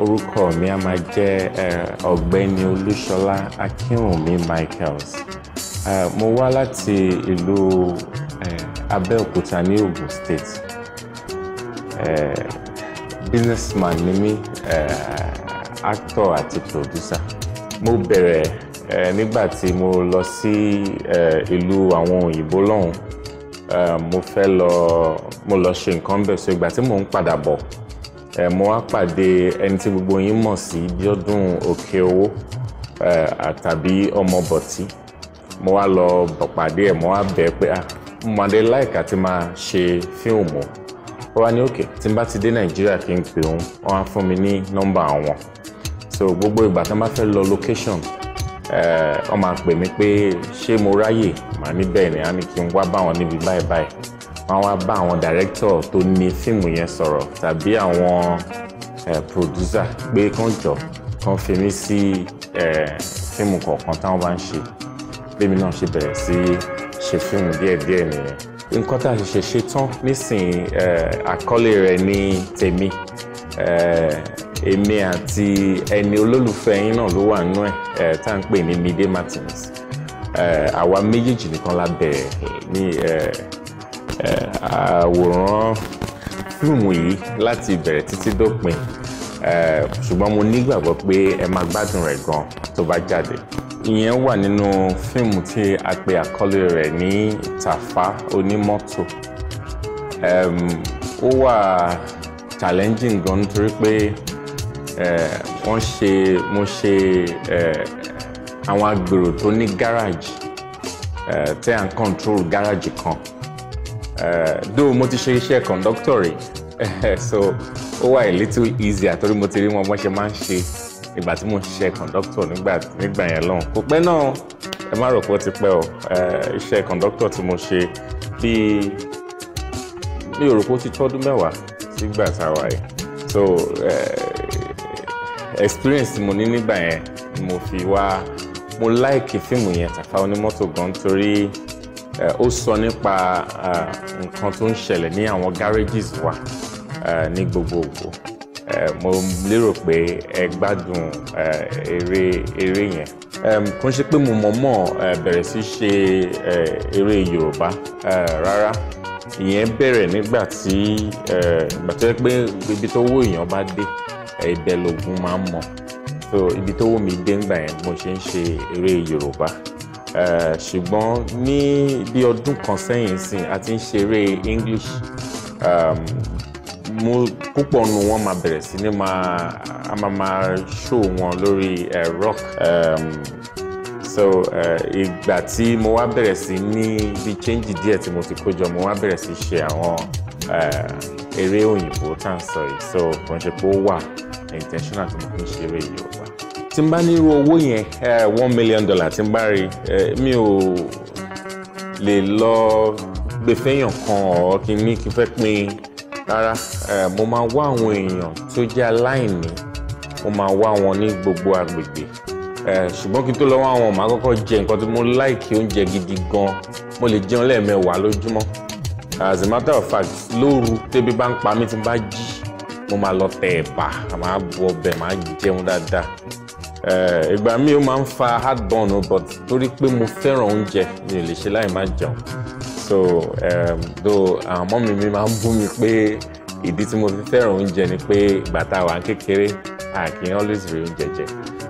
orúkọ mi a máa jẹ́ ọ̀gbẹ́ni olúṣọlá akínwùmí michaels mo wá láti ìlú abẹ́òkúta ní ogun state businessman ni mí actor àti producer mo bẹ̀rẹ̀ nígbà tí mo lọ sí ìlú àwọn òyìnbó lọ́hùn mo fẹ́ lọ mo lọ ṣe nǹkan bẹ̀ so ìgbà tí mò ń padà bọ̀ mo wá pàdé ẹni tí gbogbo yín mọ̀ sí Bíọ́dún Òkèowó àtàbí ọmọ bọ̀tí mo wá lọ bọ̀ pàdé ẹ̀ mo wá bẹ̀ pé ah mo máa dé láìka tí máa ṣe fíìmù ó wá ní òkè tí n bá ti dé Nàìjíríà kí n pè òun wọ́n á fún mi ní nọ́mbà àwọn so gbogbo ìgbà tí wọ́n bá fẹ́ lọ location wọ́n máa pè mí pé ṣé mo ráyè màá ní bẹ́ẹ̀ ni a ní kí n wá bá wọn níbi báyìí báyìí wọ́n wá bá àwọn dàrẹ́kítọ̀ tó ní fíìmù yẹn sọ̀rọ̀ tàbí àwọn pòdúsà pé kàn jọ kàn fi mí sí fíìmù kọ̀ọ̀kan táwọn bá ń ṣe bẹ́ẹ̀ mi náà ṣe bẹ̀rẹ̀ sí ṣe fíìmù díẹ̀díẹ̀ nìyẹn nǹkan tá a ṣẹ̀ṣẹ̀ ṣe tán nísìnyí àkọlé rẹ̀ ní tèmi èmi àti ẹni olólùfẹ́ yín náà ló wà nínú ẹ̀ tá à ń pè ní Mide Martins àwa méjèèjì nìkan la bẹ̀rẹ̀ ní àwòrán fíìmù yìí láti ìbẹ̀rẹ̀ títí dópin ṣùgbọ́n mo nígbàgbọ́ pé ẹ máa gbádùn rẹ̀ gan tó bá jáde ìyẹn wà nínú fíìmù tí a pè àkọlé rẹ̀ ní Tàfá onímọ́tò ó wà challenging gan nítorí pé. Eh, wọ́n ṣe mo ṣe eh, àwọn agbèrò tó ní gáràjì eh, tí à ń control gáràjì kan dó mo ti ṣe iṣẹ́ kọ̀ǹdọ́tọ̀ rẹ̀ so ó wà a little easier torí mo ti rí wọn bọ́n ṣe máa ń ṣe ìgbà tí mo ń ṣe kọ̀ǹdọ́tọ̀ nígbà yẹn lọ́hùn kò pẹ́ náà ẹ má rò pé ó ti pẹ́ o iṣẹ́ kọ̀ǹdọ́tọ̀ tí mo ṣe bíi mi ò rò pé ó ti tọ́dún mẹ́wàá sígbà tá a wà yìí so experience mo ní nígbà yẹn ni mo fi wá mo láìkì fíìmù yẹn Tàfà Onímọ́tò gan torí ó sọ nípa nǹkan tó ń ṣẹlẹ̀ ní àwọn garages wa ní gbogbogbò mo lérò pé ẹ gbádùn eré eré yẹn kò ń ṣe pé mo mọ̀ọ́mọ̀ bẹ̀rẹ̀ sí ṣe eré Yorùbá rárá ìyẹn bẹ̀rẹ̀ nígbà tí ìgbà pé ibi tó wó èèyàn bá dé ibẹ̀ lògùn máa ń mọ̀ so ibi tó wù mí dé ńgbà yẹn mo ṣe ń ṣe eré yorùbá ṣùgbọ́n ní bí ọdún kan sẹ́yìn sìn a ti ń ṣe eré english mo púpọ̀ nu wọn máa bẹ̀rẹ̀ sí ní máa a máa máa show wọn lórí rock so ìgbà tí mo wá bẹ̀rẹ̀ sí ní bí change díẹ̀ tí mo ti kó jọ mo wá bẹ̀rẹ̀ sí ṣe àwọn eré òyìnbó tá à ń sọ yìí so kò ń ṣe pé ó wà intentional tí mo fi ń ṣe eré yorùbá tí n bá ní irú owó yẹn one million dollar tí n bá rí mi ò lè lọ gbé fẹ́yàn kan ọ̀ kí n ní kí n fẹ́ pín rárá mo máa wá àwọn èèyàn tó jẹ́ aláìní mo máa wá wọn ní gbogbo agbègbè ṣùgbọ́n kí n tó lọ wá màá kọ́kọ́ jẹ nǹkan tí mo láìkí oúnjẹ gidi gan mo lè jẹun lẹ́ẹ̀mẹwàá lójúmọ́ as a matter of fact lóru tẹ́bí bá ń pa mí tí n bá jí mo máa lọ tẹ ẹ̀bà màá bu ọbẹ̀ màá jẹun dáadáa eh, ìgbà míì ó máa ń fa heartburn but torí pé mo fẹ́ràn oúnjẹ mi ò lè ṣe láì má jẹun so um, though àwọn ọmọ mi mi máa ń bú mi pé ìdí tí mo fi fẹ́ràn oúnjẹ ni pé ìgbà tá a wà kékeré a kì í always rí oúnjẹ jẹ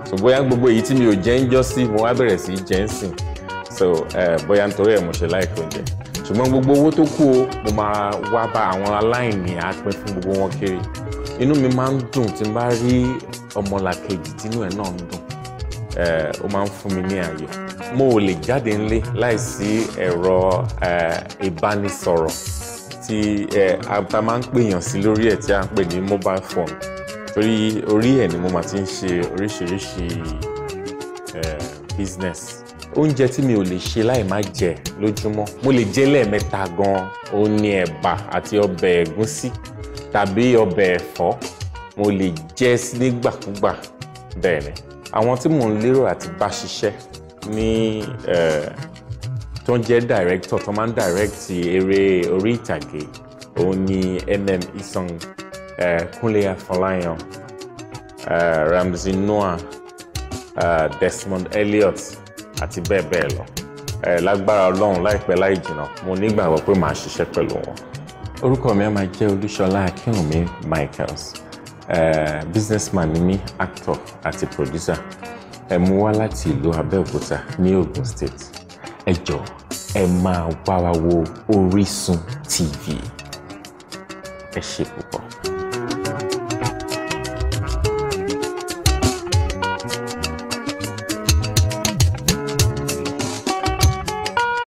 so bóyá gbogbo èyí tí mi ò jẹ ń jọ sí mo wá bẹ̀rẹ̀ sí í ń sìn so eh, bóyá nítorí ẹ̀ mo ṣe láìpẹ́ oúnjẹ ṣùgbọ́n gbogbo owó tó kù o mo máa wá bá àwọn aláìní àpín fún gbogbo wọn kiri inú mi máa ń dùn tí n bá rí ọmọlàkejì tínú ẹ̀ náà ń dùn ó máa ń fún mi ní ààyè mo ò lè jáde ńlé láìsí ẹ̀rọ ìbánisọ̀rọ̀ tí a máa ń pèèyàn sí lórí ẹ̀ tí a ń pè ní mobile phone torí orí ẹ̀ ni mo máa ti ń ṣe oríṣiríṣi business oúnjẹ tí mi ò lè ṣe láì má jẹ lójúmọ́ mo lè jẹ lẹ́ẹ̀mẹ́ta gan-an ó ní ẹ̀bà àti ọbẹ̀ ẹ̀gúnsí tàbí ọbẹ̀ ẹ̀fọ́ mo lè jẹ nígbàkúgbà bẹ́ẹ̀ ni àwọn tí mò ń lérò àti bá ṣiṣẹ́ ní tó ń jẹ́ director tó máa ń direct eré orí ìtàgé òun ni mm isong uh, Kúnlé Afọláyan Ramsey Noah Desmond Elliot àti bẹ́ẹ̀ bẹ́ẹ̀ lọ ẹ lágbára ọlọ́run láìpẹ́ láì jìnnà mo nígbàgbọ́ pé màá ṣiṣẹ́ pẹ̀lú wọn. orúkọ mi á máa jẹ́ olúṣọlá akínwùmí michaels uh, businessman ni mí actor àti producer ẹ mú wá láti ìlú abẹ́òkúta ní ogun state ẹ jọ̀ọ́ ẹ máa wá wa wo Orísun TV ẹ ṣé púpọ̀.